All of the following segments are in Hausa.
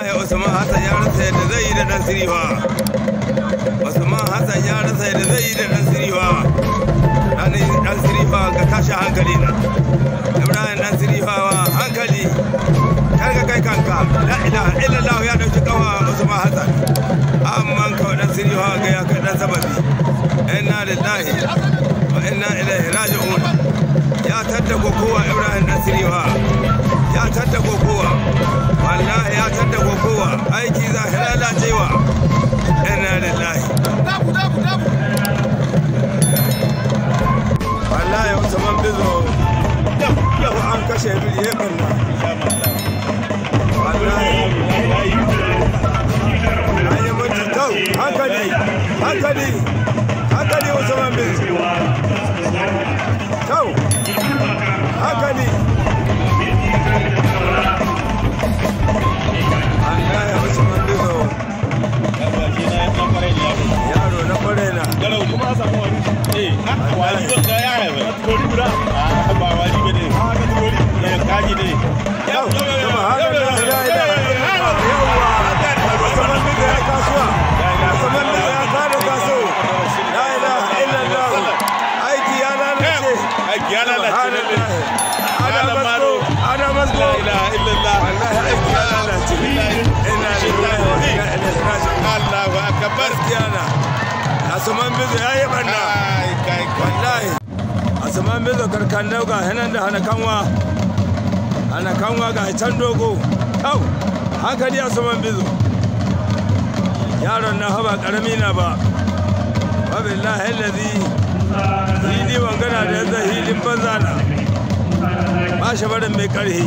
wallahi usman hassan ya rasa yadda zai yi da usman hassan ya rasa yadda zai yi da ga tashi hankali na ibrahim hankali kar ka kai kanka la ilaha illallah ya kawa usman hassan ga ya kai sababi lillahi wa ilaihi raji'un ya kowa ibrahim ya kowa wallahi ya shaidu eh, ya barna ah, na na ya lalace lalle adam maro adam masgo la ilaha illallah wallahi aiki ya lalace inna lillahi wa inna ilaihi raji'un Allahu akbar kiyana asuman bizo yayi banna wallahi asuman bizo karkan dauka hanan da hana kanwa hana kanwa ga can dogo kau hankali asuman bizo yaron na haba karami na ba wabillahi allazi banza na ba shi barin mai karhe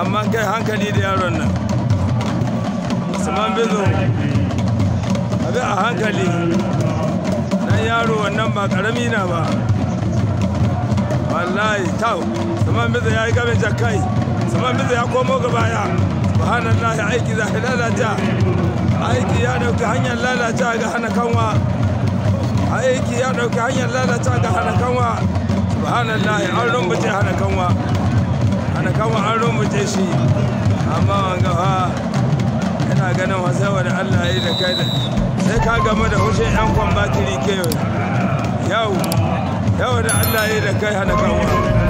amma kai hankali da yaron nan usman bizo abi a hankali nan yaro wannan ba karami na ba wallahi tau usman bizo ya yi gabin jakai usman bizo ya komo ga baya subhanallahi aiki za lalace aiki ya dauki hanyar lalace ga hana kanwa aiki ya ɗauki hanyar lalata da hana kanwa subhanallah an rumbuce hana kanwa hana kanwa an rumbuce shi amma wanga fa yana ganin wasewa da allah ya yi da kai da sai ka gama da hushin yan kwan batiri kewa yau yau da allah ya yi da kai hana kanwa